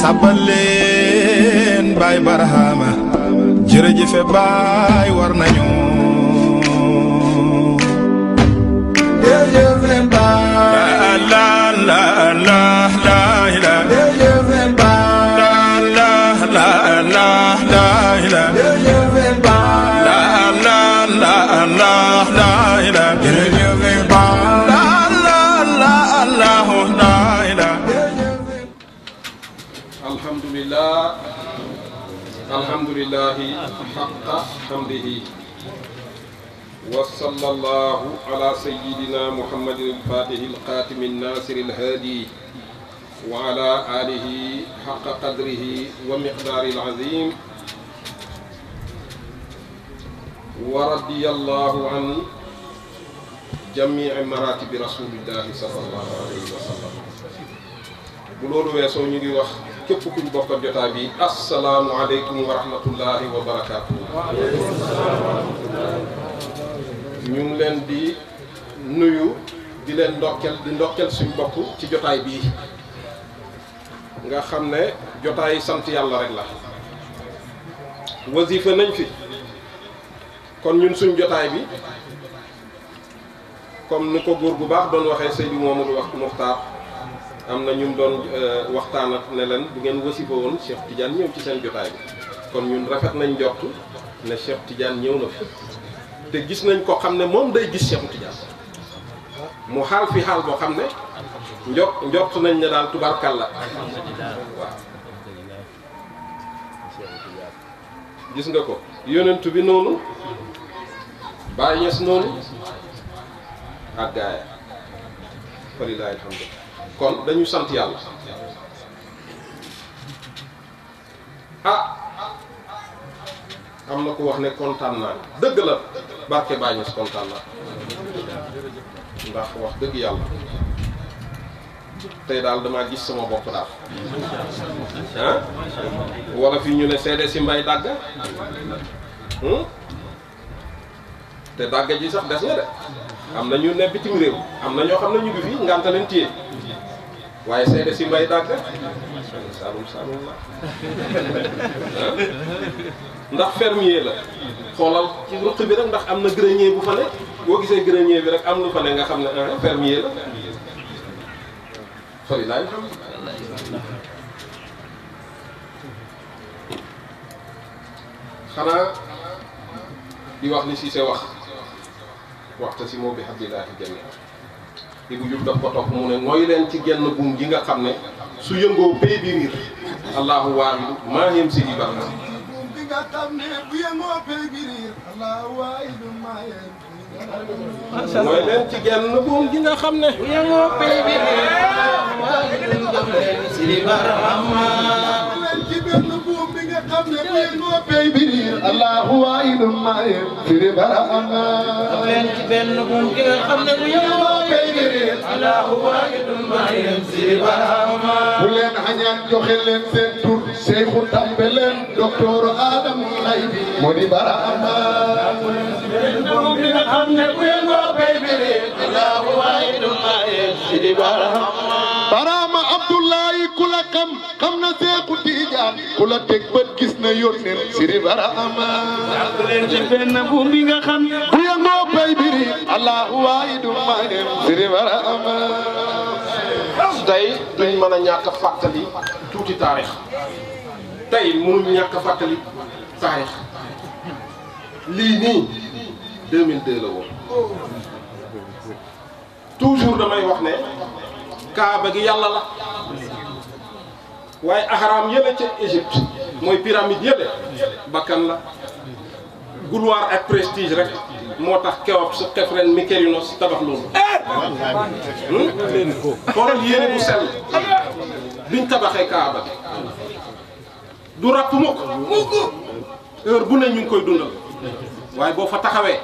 sabbal leen baay barahama jërëjëfe baay war nañu la la la الحمد لله حق حمده وصلى الله على سيدنا محمد الفاتح القاتم الناصر الهادي وعلى آله حق قدره ومقدار العظيم ورضي الله عن جميع مراتب رسول الله صلى الله عليه وسلم يا ويسو نيغي képp ku ñu bokk jotaay bi asalaamualeykum wa rahmatullahi wa barakaatu. ngi leen di nuyu di leen ndokkel di ndokkel suñ bokk ci jotaay bii nga xam ne jotaay sant yàlla rek la. wasifa nañ fi kon ñun suñ jotaay bi comme ni ko góor bu baax doon waxee sëñ bi Momadou wax Muxtaar. am na ñun doon euh, waxtaan ak ne leen bu ngeen wasifa woon Cheikh Tidiane ñëw ci seen jotaay bi kon ñun rafet nañ njort ne Cheikh Tidiane ñëw na fi te gis nañ ko xam ne moom day gis Cheikh Tidiane mu xaal fi xaal boo xam ne njort njort nañ ne daal tubarkalla waaw gis nga ko yonent bi noonu Baay Ñas noonu ak gaaya walilahi kon dañu sant yàlla ah am na ko wax ne kontaan naa dëgg la barke Baay Ñas kontaan naa ndax wax dëgg yàlla tey daal damaa gis sama bopp daal ah wala fi ñu ne seede si mbay dàgg hm? te dàgg ji sax des na de am na ñu ne bitim réew am na ñoo xam ne ñu ngi fii ngànta leen téye waaye seede si mbay dàgg ndax fermier la xoolal ci ruq bi rek ndax am na grenier bu fa boo gisee grenier bi rek am lu fa ne nga xam ne ah, fermier la fali laay xam xanaa di wax ni Cissé wax waxta si moo bi hablillaahi jamii di bu jub daf ko ne mooy leen ci genn buum gi nga xam ne su yëngoo pay bi allahu waahidu maa yem si di barka bi nga xam ne mooy leen ci genn buum gi nga xam ne bu yëngoo pay bi riir allahu waahidu maa yem si di xam ne bu yéen noppee mbir allahu waayidum maa yéen firi bara am naa. benn benn buum ki nga xam ne bu yéen noppee mbir allahu waayidum maa yéen firi bara am naa. bu leen xañaan joxe leen seen tur Seexu Tambe leen docteur Adam lay bi moo di bara am naa. benn buum ki nga xam ne bu yéen noppee mbir allahu waayidum maa yéen firi bara am naa. Barama Abdullahi kula kam xam na Seexu ku la teg bët gis na yónneen siri bara ama leen ci benn bu mi nga xam ku yëngoo bay tey duñ mën a ñàkk a fàttali tuuti taarix tey mënuñ ñàkk a taarix lii nii toujours damay wax ne kaaba gi yàlla la waaye axaraam yële ca Égypte mooy pyramide yële bakkan la gloire ak prestige rek moo tax Khéops Khéphren Mykérinos tabax loolu hmm? xoolal yéene bu sell biñ tabaxee Kaaba du ràpp mukk heure bu ne ñu ngi koy dundal waaye boo fa taxawee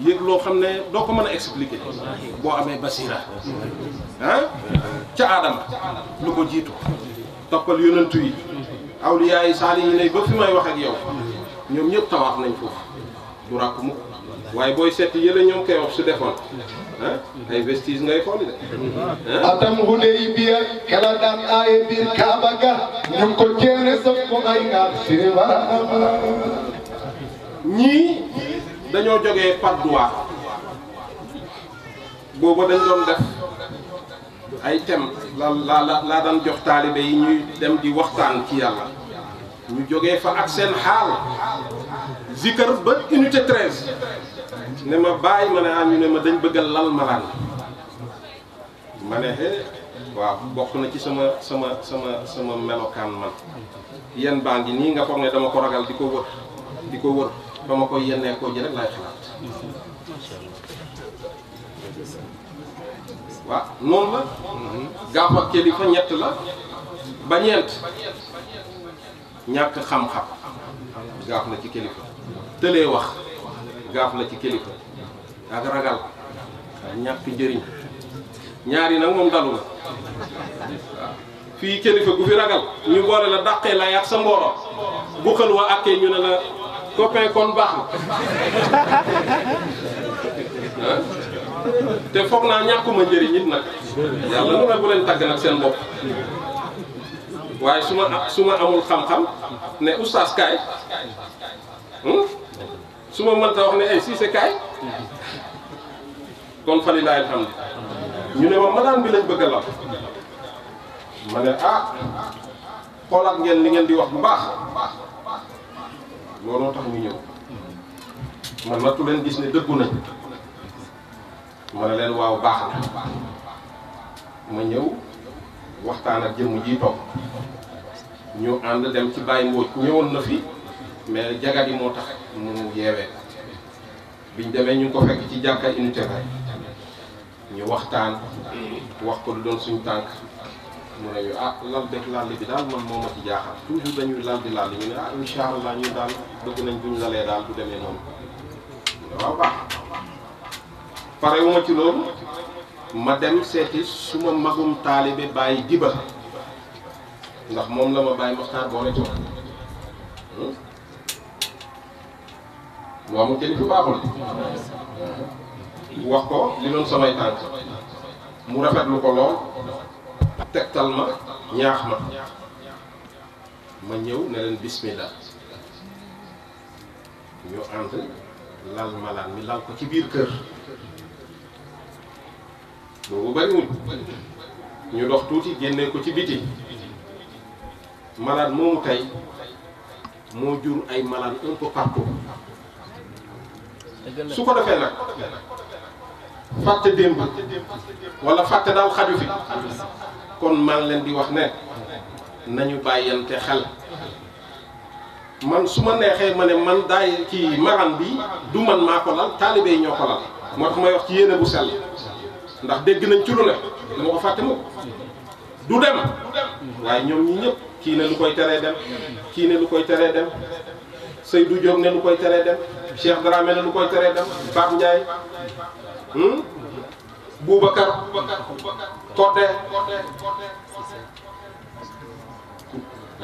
yëg loo xam ne doo ko mën a expliquer boo amee basira ah ca aadama lu ko jiitu toppal yonantu yi awliyaa yi saali yi lay ba fi may wax ak yow ñoom ñëpp tawaaf nañ foofu du ràkk mukk waaye booy seet yële ñoom koy wax su defoon ah ay vestige ngay xool de atam ah. huney biya kala daan aaye biir kaaba ga ñu ko jeene sëf ko ay ngaar siri ñii dañoo jógee par droit booba dañ doon def ay thèmes la la la daan jox taalibe yi ñuy dem di waxtaan ci yalla ñu joggé fa ak seen xaal zikr ba unité 13 né ma bay mané am ah ñu né ma dañ bëgg lal malan mané hé eh waaw bokk na ci sama sama sama sama melokan man yeen baangi ni nga fogné dama ko ragal di wër di wër ba ko yenné ko jël rek lay xalaat waaw noonu la gàpp ak kilifa ñett la ba ñeent ñàkk xam-xam gaaf la ci kilifa tëlee wax gaaf la ci kilifa ak ragal ñàkk njëriñ ñaar yi nag moom dalu la fii kilifa gu fi ragal ñu boole la dàqee lay ak sa mbooloo bu xël wa àkkee ñu ne la copain kon baax na te foog naa ñàkkuma njëriñ it nag yàlla lu ne bu leen tàgg nag seen bopp waaye su ma su ma amul xam-xam ne oustaz hmm? su ma mënta wax ne ay eh, siise kaay kon fa lilahi alhamdu ñu ne ma madaan bi lañ bëgg a lal ma ne ah xoolaat ngeen li ngeen di wax bu baax looloo tax ñu ñëw man nattu leen gis ne dëggu nañ ma ne leen waaw baax na ma ñëw waxtaan ak jëmm mu toog ñu ànd dem ci bàyyi mbooj ñëwoon na fi mais jagat yi moo tax mu yeewee biñ demee ñu ko fekk ci jàkka unité bay ñu waxtaan wax ko lu doon suñ tànk mu ne ñu ah lal beeg lal bi daal man moo ma ci jaaxal toujours dañuy lal di lal ñu daal ah incha allah ñu daal bëgg nañ buñ lalee daal du demee noonu waaw baax pare wu ma ci loolu ma dem seeti suma magum taalibe bàyyi jiba ndax moom la ma bàyyi Maxtaar boole ci waaw mu kilifa baaxul hmm. wax ko li doon samay tànk mu rafetlu ko lool tegtal ma ñaax ma ma ñëw ne leen bismillah ñu ànd lal malaan mi lal ko ci biir kër boobu bariwul ñu dox tuuti génne ko ci biti malade moomu tey moo jur ay malade un peu su ko defee nag fàtte démb wala fàtte daal xaju fi kon maa leen di wax ne nañu bàyyante xel man su ma neexee ma ne man daay ci maran bi du man maa ko lal taalibe yi ñoo ko lal moo tax may wax ci yéene bu sell ndax dégg nañ ci lu ne dama ko fàtte moom du dem waaye ñoom ñi ñëpp kii ne lu koy teree dem kii ne lu koy teree dem Seydou Diop ne lu koy teree dem Cheikh Dramé ne lu koy teree dem Pape Ndiaye hmm? Boubacar Codé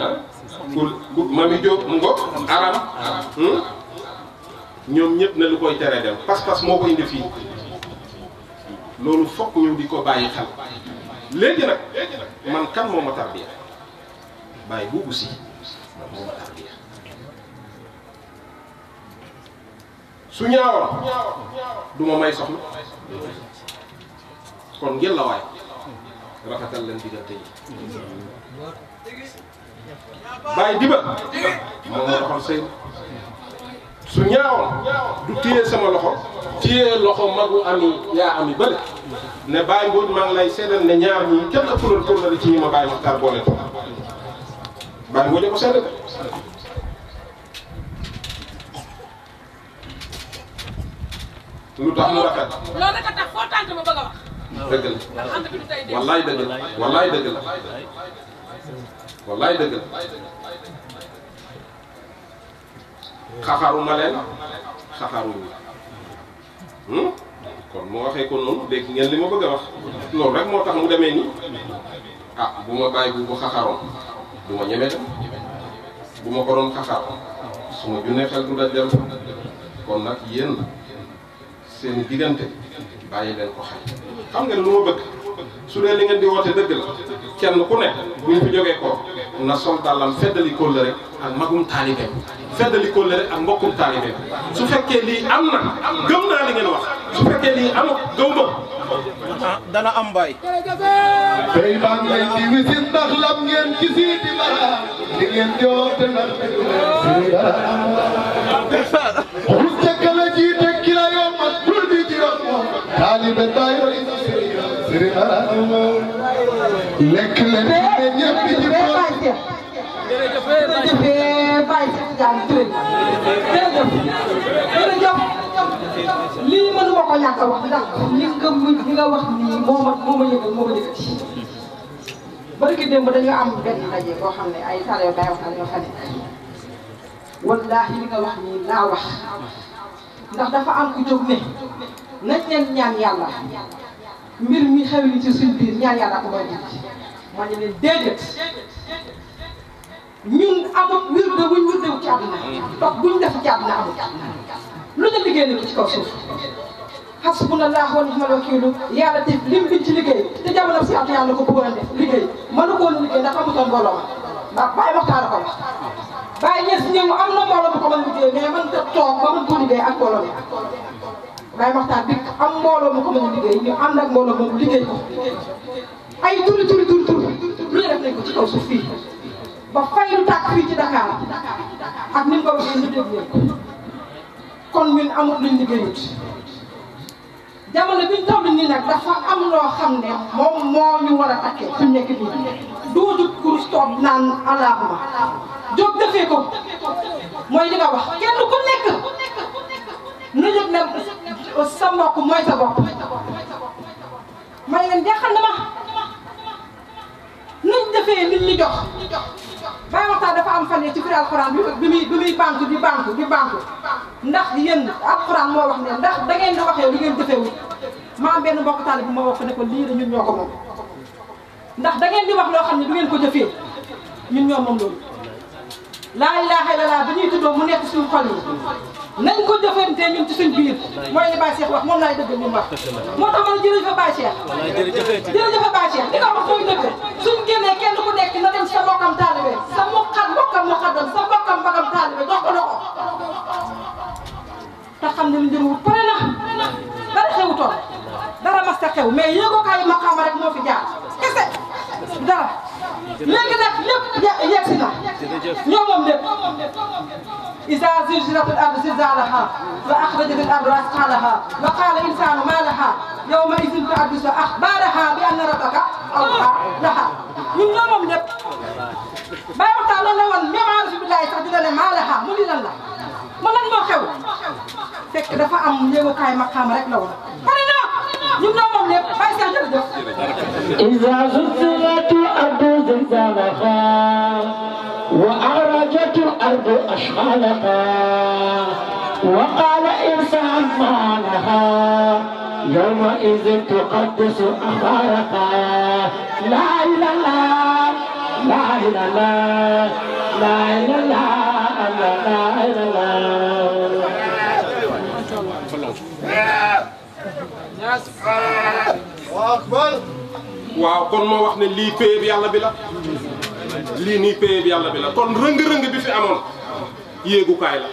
ah ku Mami Diop mu ngoog Aram hmm? ñoom ñëpp ne lu koy teree dem pas-pas moo ko indi fii loolu fokk ñu di ko bàyyi xel léegi nag man kan moo ma tarbiya bàyyi boobu si man moo ma tarbiya su ñaawoon du may soxna kon ngeen la waay rafetal leen diggante yi bàyyi diba moom moo doxal sëy su ñaawoon du téye sama loxo téye loxo magu ami yaa ami bële ne Baye Mbodj maa lay seddal ne ñaar ñii kenn ëppaloon pour la ci ñi ma Baye Makhtar boole ko Baye Mbodj ko seddal lu tax mu rafet. a tax foo tànk dëgg la wallaay dëgg la wallaay dëgg la. xaxaruma leen xaxaruñu hmm? kon moo waxee ko noonu dégg ngeen li ma bëgg a wax loolu rek moo tax mu demee nii ah bu ma bàyyi bu bu xaxaroon du ma ñeme bu ma ko doon xaxar su ma junnee xel du daj dem kon nag yéen seen diggante bàyyi leen ko xel xam ngeen lu ma bëgg su dee li ngeen di woote dëgg la. kenn ku nekk buñ fi jógee ko na sol dàllam feddali kóllëre ak magum taalibe feddali kóllëre ak mbokkum taalibe su fekkee lii am gëm naa li ngeen wax su fekkee lii amut gëm ma ah, dana am baay tey maa ngi di wisit ndax lam ngeen gisi di mara di ngeen jox te ndax dara am cakala ji teg ki la yoon mat bul di ci yoon moom taalibe tayo sëriñ dara am lekk leen ne ñëpp di ci tool. jërëjëf Baye Cheikh Tidiane Touré jërëjëf jërëjëf lii mënuma ko ñàkk wax ndax li nga wax nii moo ma moo ma yëgal moo ma yëgati. barki démb dañu benn ndaje boo xam ne ay xale yu bay wax ñoo fa nekk wallaahi li nga wax nii laa wax ndax dafa am ku jóg ne nañ leen ñaan yàlla. mbir mi xew li ci suñ biir ñaan a ko doy ji ma ne leen déedéet ñun amut wirde wuñ wirdew ci àdduna dox buñ def ci àdduna amut lu ne liggéey na ko ci kaw suuf hasbunallahu wa ni'mal wakiilu yàlla te ci liggéey te jamono si at yàlla ko bëggoon def liggéey mënu ko woon liggéey ndax amutoon mbooloo ma ndax bàyyi waxtaan ko wax bàyyi ñes ñëw am na a bu ko mën liggéey mais mën ta toog ba mën waaye waxtaan bi am mbooloo mu ko mën a liggéey ñu ànd ak mbooloo moom liggéey ko ay turi turi turi turi lu ne ko ci kaw suuf fii ba fay lu tàkk fii ci Dakar ak ni mu ko waxee ñu dégg kon ñun amul luñ liggéeyut jamono biñ toll nii nag dafa am loo xam ne moom moo ñu war a takkee fi nekk nii dootul kurus toog naan alaabuma jóg defee ko mooy li nga wax kenn ku nekk. nu yëg ne sa mbokk mooy sa bopp may leen jaaxal na ma nuñ defee liñ ñu jox bàyyi waxtaan dafa am fan ci firi alxuraan bi muy bi muy banque di banque di banque ndax yéen alxuraan moo wax ne ndax da ngeen di waxee li ngeen jëfewu ma am benn mbokk taalibe bi ma wax ne ko lii de ñun ñoo ko moom ndax da ngeen di wax loo xam ne du ngeen ko jëfee ñun ñoo moom loolu laa ilaaha illallaah bi ñuy tuddoo mu nekk suñu xol yi nañ ko jëfante ñun ci suñ biir mooy li Baye Cheikh wax moom laay dëgg li wax moo tax ma ne jërëjëf Baye Cheikh jërëjëf Baye Cheikh li nga wax mooy dëgg suñ génnee kenn ku nekk na dem sa mbokkam taalibe sa mbokkam mbokkam mbokkam sa mbokkam mbokkam taalibe jox ko loxo te xam ne lu njëriñu pare na dara xewutoon dara mas ta xew mais yëgukaayu maqaama rek moo fi jaar kese dara léegi nag lépp yegsi na ñoo moom lépp إذا زلزلت الأرض زلزالها وأخرجت الأرض أثقالها وقال الإنسان ما لها يومئذ تحدث أخبارها بأن ربك أوحى لها من يوم من ما يقطع الله لون ما عارف بالله يسعد ما لها من الله من الموكب فك دفع أم يوم كاي مقام رك لون فلنا من يوم من يب إذا زلزلت الأرض زلزالها وأخرجت وخرجت الأرض أشغالها وقال إنسان ما لها يومئذ تقدس أخبارها لا إله لا إله لا إله لا إله لا إله waaw kon moo wax ne lii péeb yàlla bi la lii nii péye bi yàlla bi la kon rëng-rëng bi fi amoon yéegukaay la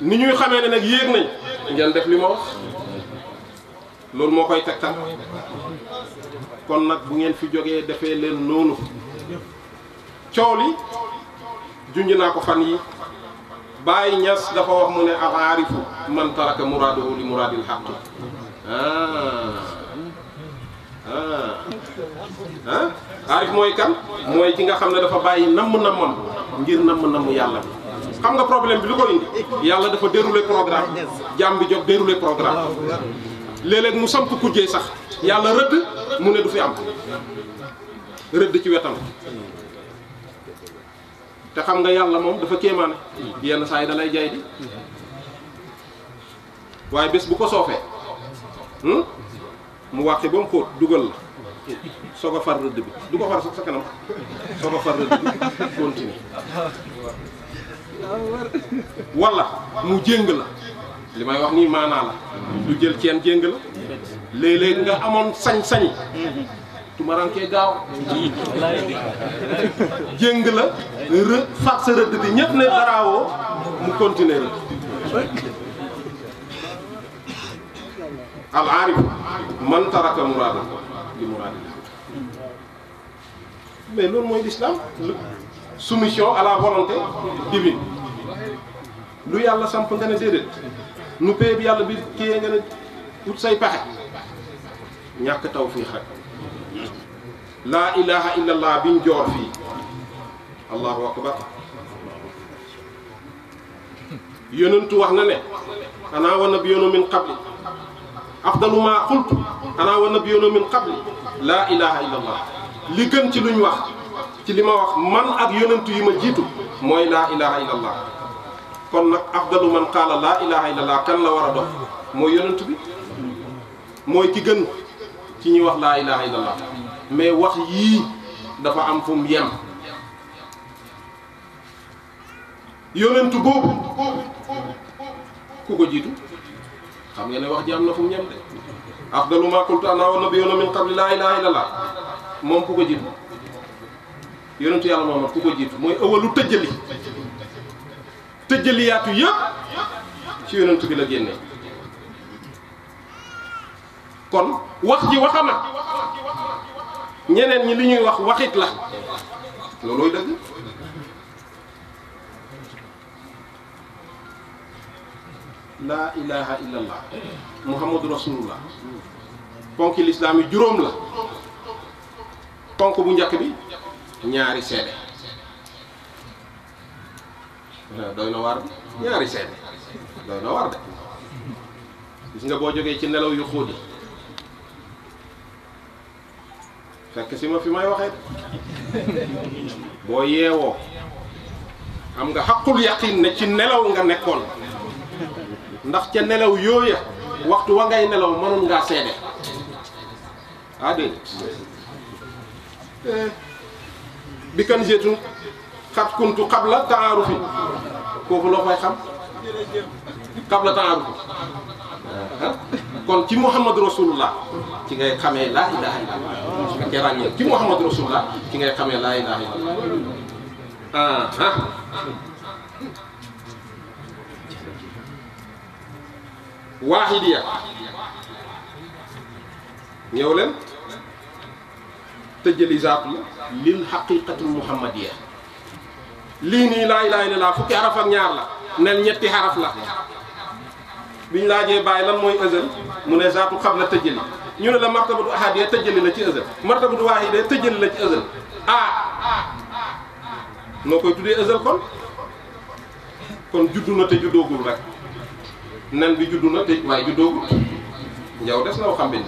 ni ñuy xamee ne nag yéeg nañ ngeen def li ma loolu moo koy tegtal kon nag bu ngeen fi jógee defee leen noonu coow li junj naa ko fan yi Baye Niass dafa wax mu ne al aarifu man taraka muraadahu muraadil xaq ah, ah. ah. aarif mooy kan mooy ki nga xam ne dafa bàyyi namm-nammam ngir namm-namm yàlla bi xam nga problème bi lu ko indi yàlla dafa déroulé programme jàmm bi jot déroulé programme léeg-léeg mu samp kujjee sax yàlla rëdd mu ne du fi am rëdd ci wetam te xam nga yàlla moom dafa kéemaane yenn saa yi dalay jaay di waaye bés bu ko soofee hmm? mu wàqi ba mu xóot dugal la soo ko far rëdd bi du ko far sax sa kanam soo ko far rëdd bi continue wala mu jéng la li may wax nii maanaa la du jël ceen jéng la léeg-léeg nga amoon sañ-sañ tumarankee gaaw la rë far sa rëdd bi ñëpp ne daraawoo mu continuer la al aarif man taraka muraada li muraadil mais l'homme mooy l'islam soumission à la volonté divine lu yàlla samp nga ne Nous payons pee bi yàlla bi téye nga ne ut say paxe ñàkk tawfiix rek laa ilaha illa allah bin joor fii allahu akbar yonentu wax na ne ana wa nabiyuna min qabli afdalu ma qultu ana wa nabiyuna min qabli laa ilaha illa li gën ci luñ wax ci li ma wax man ak yonentu yi ma jiitu mooy laa ilaha illa allah kon nag afdalu man qaala laa ilaha illa kan la war a dox mooy yonent bi mooy ki gën ci ñuy wax laa ilaha illa allah mais wax yii dafa am fu mu yem yonentu boobu ku ko jiitu xam nga ne wax ji am na fu yem afdalu ma qultu ana wa nabiyuna min qabli laa ilaha illa allah moom ku ko jiitu yonentu yàlla Muhammad ku ko jiitu mooy ëwalu tëjjali tëjjali yaatu yëpp ci yonentu bi la génne kon wax ji waxama ñeneen ñi li ñuy wax waxit la loolooy dëgg laa ilaha illallah muhammadu rasulullah ponk lislaam yi juróom la ponk bu njëkk bi ñaari seede doy na waar de ñaari seede doy na waar de gis nga boo jógee ci nelaw yu xóot yi fekk si ma fi may waxee boo yeewoo am nga xaqul yaqin ne ci nelaw nga nekkoon ndax ca nelaw yooya waxtu wa ngay nelaw mënoon ngaa seede ah dégg eh, bi kan xat kuntu xabla taarufi kooku loo fay xam xabla taarufi eh, kon ci Muhammad Rasulullah ci ngay xamee laa ilaha illallah nga cee ràññee ci Muhammad Rasulullah ci ngay xamee laa ilaha illallah ah ah waaxidiya ñëw leen tëjëli zaatu lil xaqiqatil muhammadiya lii nii laa ilaaha laa fukki xaraf ak ñaar la nel ñetti xaraf la biñ laajee bàyyi lan mooy ëzël mu ne zaatu xam la tëjëli ñu ne la martabatu ahadiya tëjëli la ci ëzël martabatu waaxidiya tëjëli la ci ëzël ah noo koy tuddee ëzël kon kon juddu na te juddoogul rek nan bi juddu na tëj waaye juddoogu njaw des na xam bi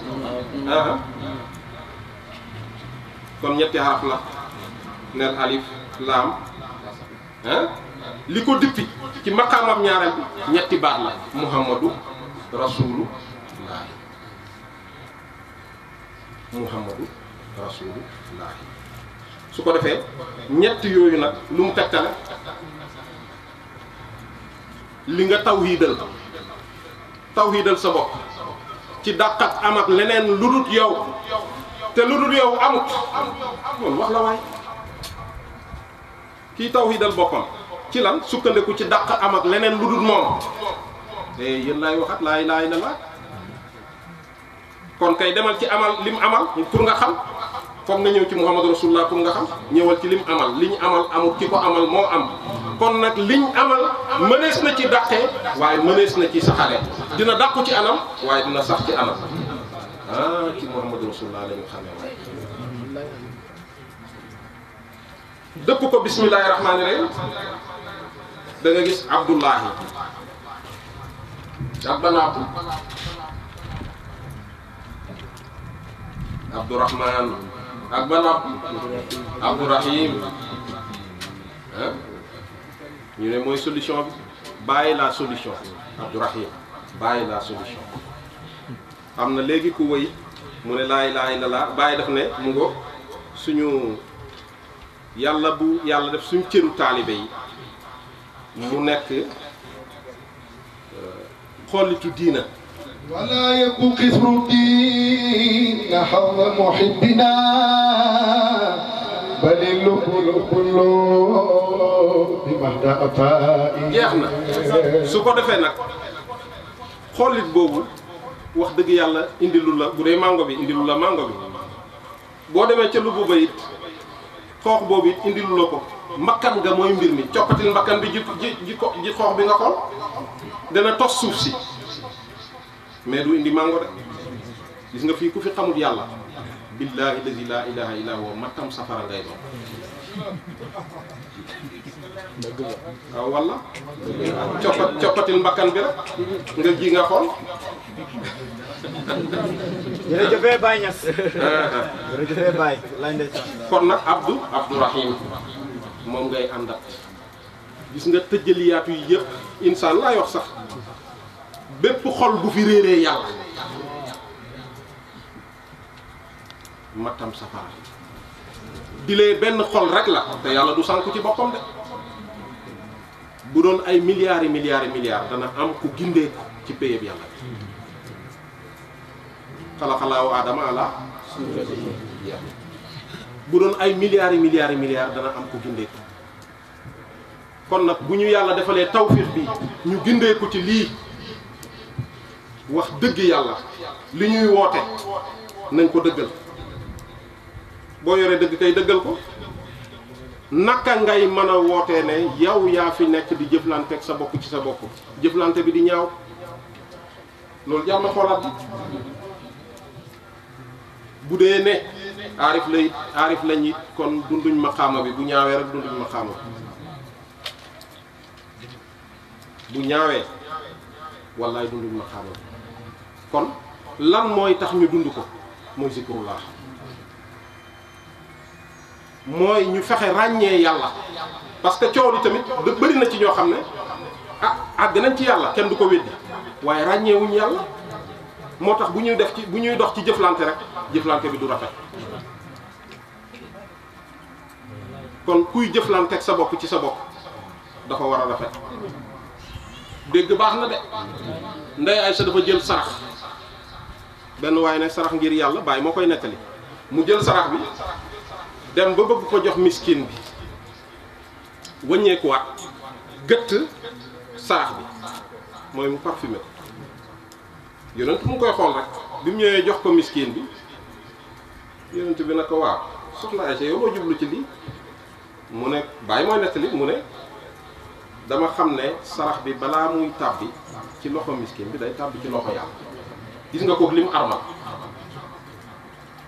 kon ñetti xaraf la nel alif laam ah li ko dippi ci maqaamam ñaareel ñetti baat la muhammadu rasulu laahi muhammadu rasulu laahi su ko defee ñetti yooyu nag lu mu tegtale li nga tawhiidal taw tawhiidal sa bopp ci dàqat am ak leneen lu dul yow te lu dul yow amut loolu wax la waay kii tawhiidal boppam ci lan sukkandiku ci dàq am ak leneen lu dul moom te eh, yéen laay waxat laay laay la laaj kon kay demal ci amal lim amal pour nga xam. foog nga ñëw ci Muhammadu Rasulullah nga xam ñëwal ci lim amal liñ amal amul ki ko amal moo am kon nag liñ amal mënees na ci dàqee waaye mënees na ci saxale dina dàqu ci anam waaye dina sax ci anam ah, dëkk ko bismillaahi rahmaani rahim da gis Abdullahi rabbana abdu Abdurahman ak ba noppi abdourahim ñu ne mooy solution bàyyi la solution abdourahim bàyyi la solution am na léegi ku wéy mu ne laa ilaaha illallaah bàyyi daf ne mu ngo suñu yàlla bu yàlla def suñu cëru taalibe yi mu nekk euh, xollitu diina ولا يبقى قسم الدين حظ محبنا بل اللب كل بمهد أفائي جيخنا سوكو دفعنا خولت بوبو wax deug yalla indi lula la mango bi indi lula mango bi bo demé ci bobu indi lu moy mbir mi ciopatil makan bi ji ji xox bi nga xol dana tos suuf ci mais du indi mango de gis nga fi ku fi xamul yalla billahi la ilaha illa huwa matam safara ngay do waaw wala coppat coppatil mbakan bi rek nga gi nga jofe bay Baye Niass jofe bay lay ndeysaan kon nak Abdou rahim mom ngay andat gis nga tëjaliyaatu yi yëpp wax sax bépp xol bu fi réeree yàlla matam safara dilee benn xol rek la te yàlla du sànku ci boppam de bu doon ay milliards yi milliards yi dana am ku gindee ci ay milliards yi milliards yi kon nag bu ñu yàlla defalee tawfiq bi ñu gindee ko ci lii wax dëgg yàlla li ñuy woote nañ ko dëggal boo yore dëgg kay dëggal ko naka ngay mën a woote ne yow yaa fi nekk di jëflante ak sa bokk ci sa bopp jëflante bi di ñaaw loolu jar na xoolaat bi bu dee ne aarif lay aarif lañ kon dunduñ maqaama bi bu ñaawee rek dunduñ maqaama bi bu ñaawee wallaay dunduñ maqaama bi kon lan mooy tax ñu dund ko mooy zikrullah mooy ñu fexe ràññee yàlla parce que coow li tamit bëri na ci ñoo xam ne ah àgg ci yàlla kenn du ko weddi waaye ràññeewuñ yàlla moo tax bu ñuy def ci bu ñuy dox ci jëflante rek jëflante bi du rafet kon kuy jëflanteeg sa bopp ci sa bopp dafa war a rafet dégg baax na de ndey ay sa dafa jël sarax benn waaye ne sarax ngir yàlla baay moo koy nettali mu jël sarax bi dem ba bëgg ko jox miskin bi wëññeekuwaat gëtt sarax bi mooy mu parfumé ko yonent mu koy xool rek bi mu ñëwee jox ko miskin bi yonent bi na ko waaw soxna Aysa yow moo jublu ci lii mu ne bàyyi mooy nettali mu ne dama xam ne sarax bi balaa muy tàbbi ci loxo miskin bi day tàbbi ci loxo yàlla gis nga kooku lim mu armal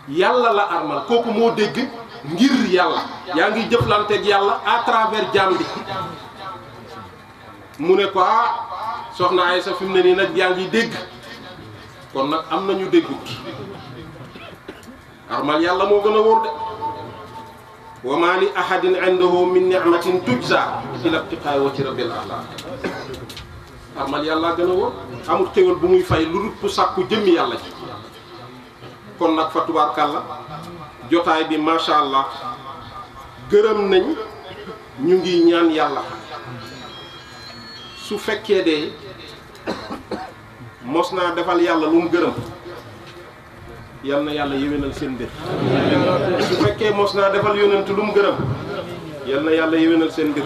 yàlla la armal kooku moo dégg ngir yàlla yaa ngi jëflanteeg yàlla à travers jaam bi mu ne ko ah, soxna Aysa fi mu ne nii nag yaa ngi dégg kon nag am nañu déggut armal yàlla moo gën a wóor de wa ma li ahadin indahu min ni'matin tujza ila ibtiqaa wajhi rabbil a'la armal yàlla gën a wóor amul xéwal bu muy fay lu dul ku sàkku jëmmi yàlla ci kon nag fa tubaarkàlla jotaay bi macha allah gërëm nañ ñu ngi ñaan yàlla su fekkee de mos naa defal yàlla lu mu gërëm yal na yàlla yéwénal seen mbir su fekkee mos naa defal yonent lu mu gërëm yal na yàlla yéwénal seen mbir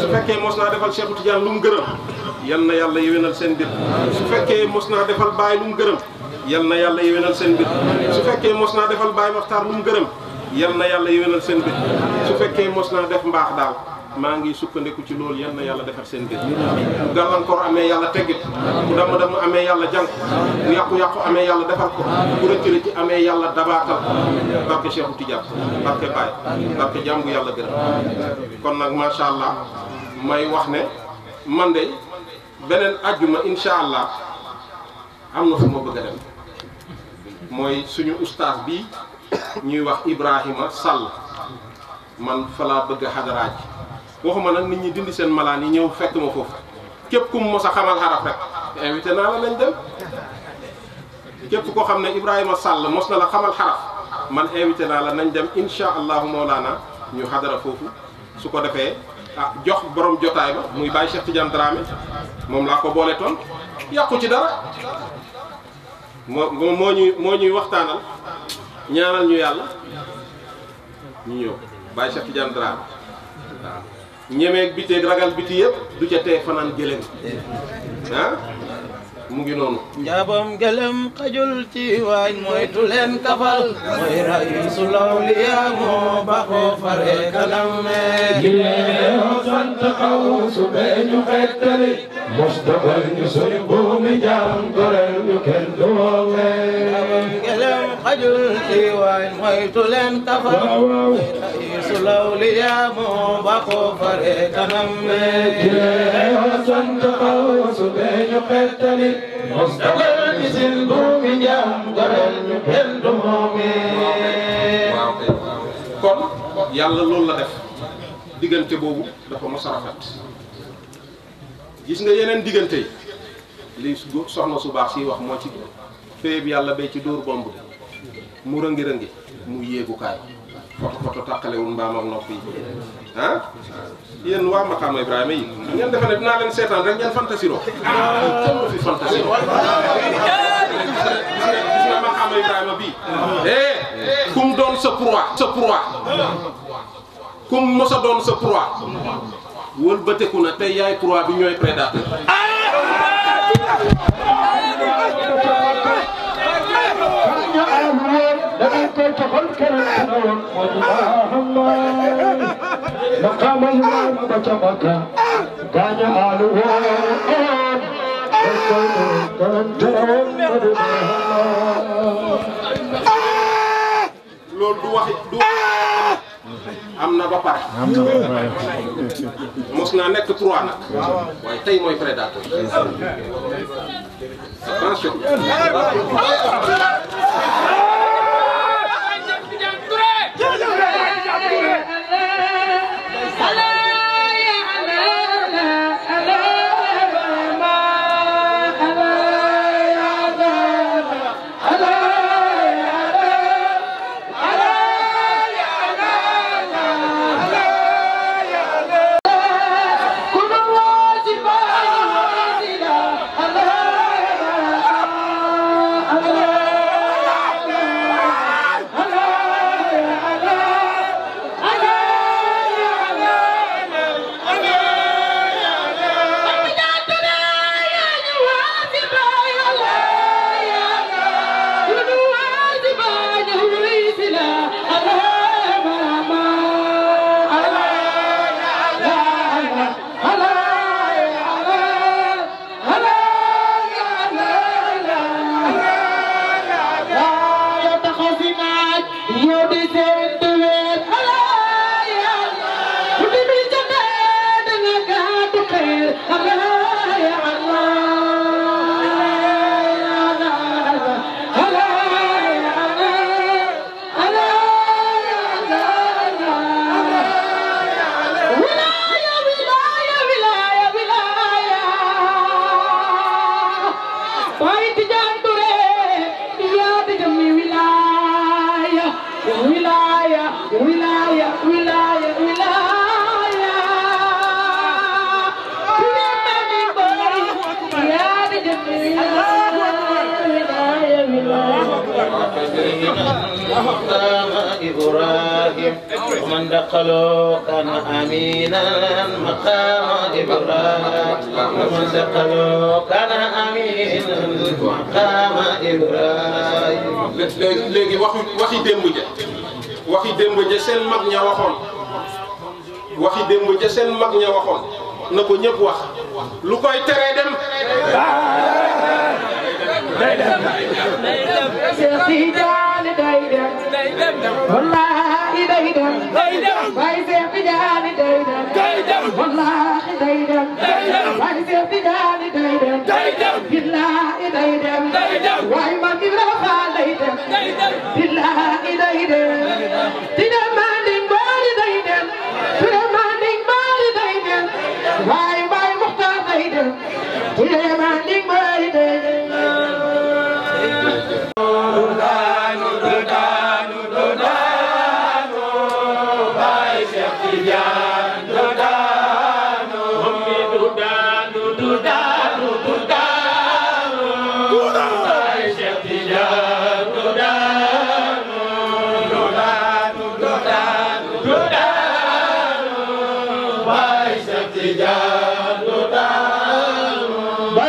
su fekkee mos naa defal Cheikh Tidiane lu mu gërëm yal na yàlla yéwénal seen mbir su fekkee mos naa defal baay lu mu gërëm yal na yàlla yéwénal seen mbir su fekkee mos naa defal baay maxtaar lu gërëm yal na yàlla yéwénal seen mbir su fekkee mos naa def mbaax daal maa ngi sukkandiku ci loolu yal na yàlla defar seen mbir bu gàllankoor amee yàlla teggit bu damm damm amee yàlla jànk bu yàqu-yàqu amee yàlla defar ko bu rëcc ci amee yàlla dabaatal barke Cheikhu Tidiane barke Baye barke jàmm bu yàlla gërëm kon nag macha allah may wax ne man de beneen ajjuma incha allah am na fu ma bëgg a dem mooy suñu ustaas bi ñuy wax Ibrahima Sall man fa laa bëgg a xadaraaj waxuma nag nit ñi dindi seen malaan yi ñëw fekk ma foofu képp ku mu mos a xamal xaraf rek invité naa la nañ dem képp koo xam ne Ibrahima Sall mos na la xamal xaraf man invité naa la nañ dem incha allahu maulana ñu xadara foofu su ko defee. ah jox boroom jotaay ba muy Baye Cheikh Tidiane Dramé moom laa ko boole toon yàqu ci dara moo moo ñuy moo ñuy waxtaanal ñaaral ñu yàlla ñu ñëw Baye Cheikh Tidiane Dramé waaw ñemeeg biteeg ragal biti yëpp du ca tee fanaan jëleen ah mu ngi noonu. njaabam gëlëm xajul ci waañ moytu leen kafal. mooy rayu sulaw li moo baaxoo fare kanam mee. gileew sant xaw su bee ñu xettali. mos dogal ñu sori buumi jaam goreel ñu kenn ajul ci waañ moytu leen kafar su lawli yaa moo ba ko fare kanam be jee hasan taxaw su bee ñu xettali mustaqbal bi sin buumi njaam gorel ñu pendu moomi kon yàlla loolu la def diggante boobu dafa mos a rafet gis nga yeneen diggante yi li soxna su baax si wax moo ci féeb yàlla bay ci dóor bomb bi mu rëngi rëngi mu yéegukaay foto foto tàqalewul mbaam ak nopp yi ah yéen waa Maqaama Ibrahima yi ngeen defe ne dinaa leen seetaan rek ngeen fantasiro kenn fi doon sa proie sa proie kum mos doon sa proie wëlbateku na tey yaay proie bi ñooy prédateur آمرون لأنت تخلق الحنون وجماعهم مقام الإمام بجمك كان آلون loolu du wax du am na ba pare. am na ba pare. mos naa nekk trois nag. waaye tey mooy prédateur. attention. léegi léegi waxu waxi démb ja waxi démb ja seen mag ña waxoon waxi démb ja seen mag ña waxoon na ko ñëpp wax lu koy teree dem. day dem day dem. ni day dem day dem Baye Cheikh Tidiane day dem day dem wallaahi day dem day dem Baye Cheikh Tidiane day dem day dem billaahi day dem day dem waaye Maam Ibra Fall day dem day dem billaahi day dem dina maa nding mbaari day dem dina maa nding mbaari day dem waaye Baye Muxtaar day dem dina maa nding mbaari day dem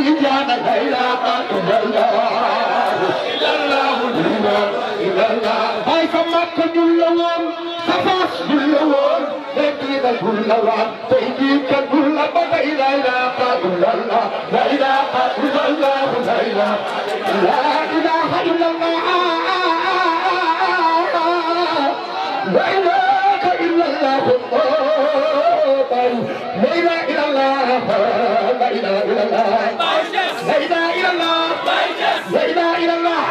لا إله إلا الله إلى الله لا إله إلا الله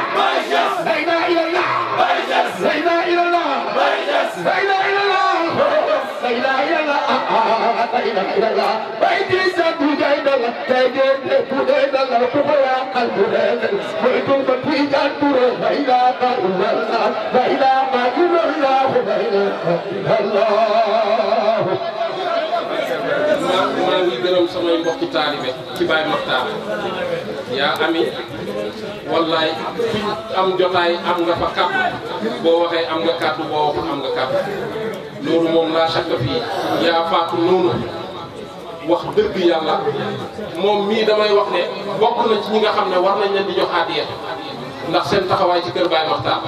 لا إله إلا الله لا إله إلا الله لا إله إلا الله لا إله إلا الله لا إله إلا الله بيتي سبوجا إلى الله تجد بوجا إلى الله كبرى قلبنا بيتم بتيجا كبرى لا إله إلا الله لا إله إلا الله لا إله إلا الله maa ngi gërëm samay mbokki taalibe ci Baye Makhtar yaa ami wallaay fi am jotaay am nga fa kàddu boo waxee am nga kàddu boo waxul am nga kàddu loolu moom laa sakk fii yaa faatu noonu wax dëgg yàlla moom mii damay wax ne bokk na ci ñi nga xam ne war nañ leen di jox àddiya ndax seen taxawaay ci kër Baye Makhtar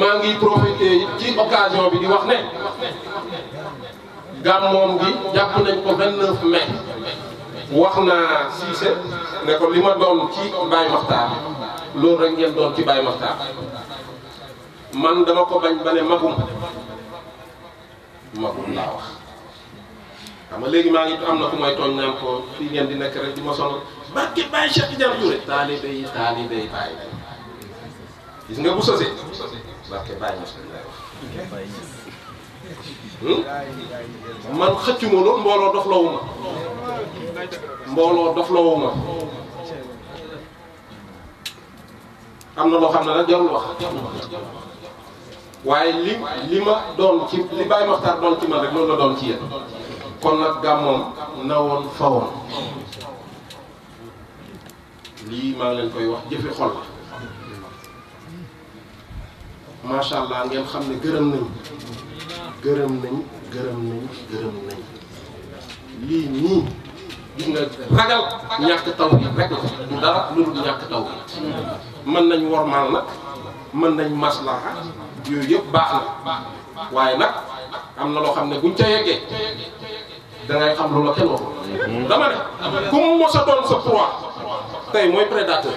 maa ngi profité ci occasion bi di wax ne gàmmoom gi jàpp nañ ko 29 mai. wax naa siise ne li ma doon ci Baye Makhtar loolu rek ngeen doon ci Baye Makhtar man dama ko bañ ba ne magum magum laa wax xam nga léegi maa ngi am na ku may tooñ naan ko fii ngeen di nekk rek di ma sonal barke Baye Cheikh Tidiane Touré taalibe nga bu Hmm? man xëccuma la mbooloo dof mbooloo dof lawu am na loo xam ne nag jarul wax waaye li li ma doon ci li Baye Makhtar doon ci man rek loolu la doon ci yéen kon nag gàmmoom na woon fa woon lii maa leen koy wax jëfi xol la allah ngeen xam ne gërëm nañu gërëm nañ gërëm nañ gërëm nañ lii nii gis nga ragal ñàkk taw bi rek la du dara lu dul ñàkk taw bi mën nañ wormaal nag mën nañ maslaha yooyu yëpp baax na waaye nag am na loo xam ne guñ ca yeggee dangay xam lu la kenn waxul dama ne ku mu a doon sa proie tey mooy prédateur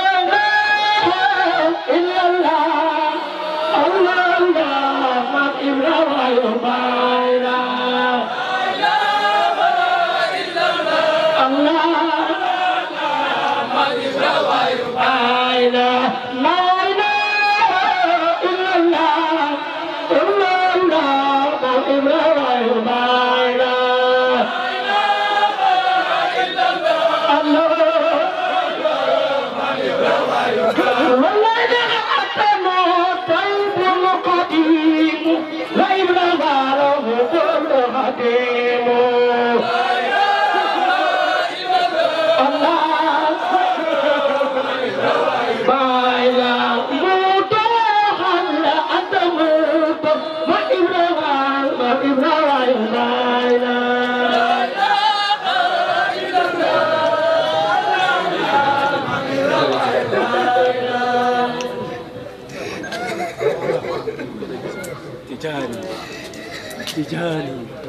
Hello. Tijani. Tijani.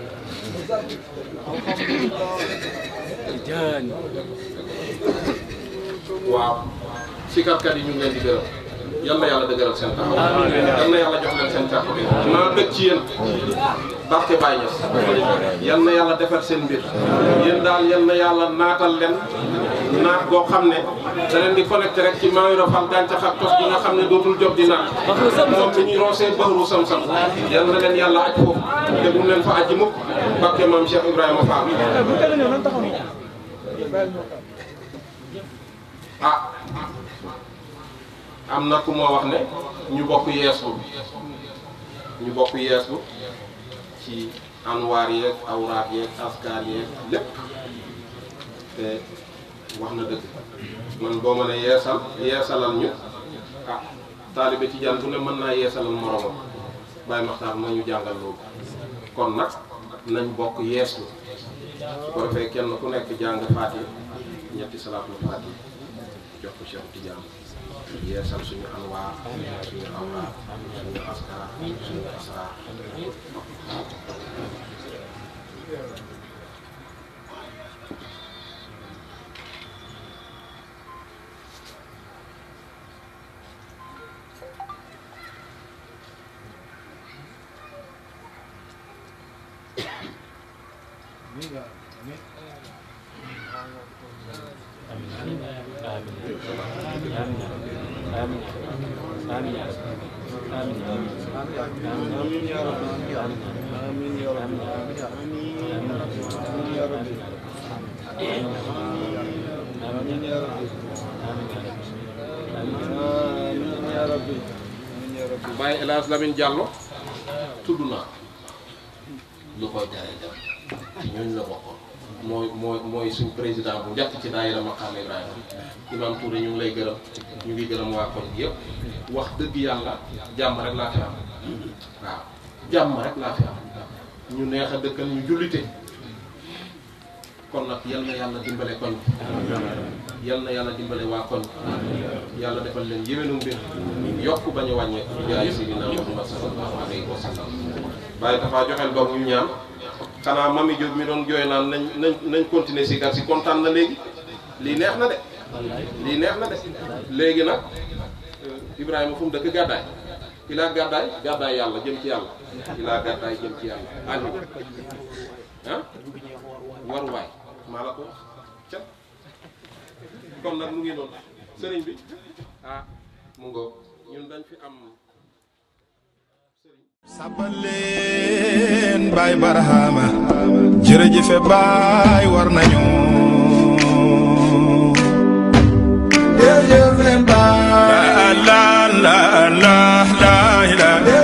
jaani waaw sikarkat yi ñu ngi leen di gërëm yal na yàlla dëgëral seen taxaw yal na yàlla jox leen seen taxaw maa ci yéen barke defar seen mbir yàlla naatal leen naat goo xam ne da leen di connecté rek ci Mayoro Fall gàncax ak tos bi nga xam ne dootul jóg di naat moom bi ñuy roosee baxru sam-sam yal yàlla aj foofu te bu leen fa aji mukk barke maam ah, ah. am na ku ma wax ne ñu bokk yeesu ñu bokk yeesu ci anwaar yeeg awraat yeeg askar yeeg lépp wahana na dëgg man boo ma ne yeesal yeesalal ñu ah taalibe ci jaan bu ne mën naa yeesalal moromam bàyyi maxtaan ma ñu jàngal loolu kon nag nañ bokk yeeslu su ko defee kenn ku nekk jàng faati ñetti faati jox ko Cheikh Tidiane yeesal suñu suñu suñu suñu oustaz Lamine Diallo tudd naa lu ko jaay jam ñooñu la bokkoon mooy mooy mooy suñ président bu njëkk ci daayira Maqaam Ibrahima imam Touré ñu ngi lay gërëm ñu ngi gërëm waa koñ yëpp wax dëgg yàlla jàmm rek laa fi am hmm. waaw jàmm rek laa fi am ñu neex a dëkkal ñu jullite kon nag yal na yàlla dimbale kon yal na yàlla dimbale waa kon yàlla defal leen yéwénu mbir yokk bañ a wàññeeku bi jaay Seydina Muhammad sallallahu alayhi wa sallam bàyyi dafa joxeel doom ñu ñaan xanaa mami Diop mi doon jooy naan nañ nañ nañ continuer si gar kontaan na léegi lii neex na de lii neex na de léegi nag Ibrahima fu mu dëkk gàddaay ilaa gàddaay gàddaay yàlla jëm ci yàlla ilaa gàddaay jëm ci yàlla ani ah waruwaay maa la ko wax ca kon nag mu ngi noonu sëriñ bi ah mu ngoog ñun dañ fi am sëriñ sàbbaleen baay barahama jërëjëfe baay war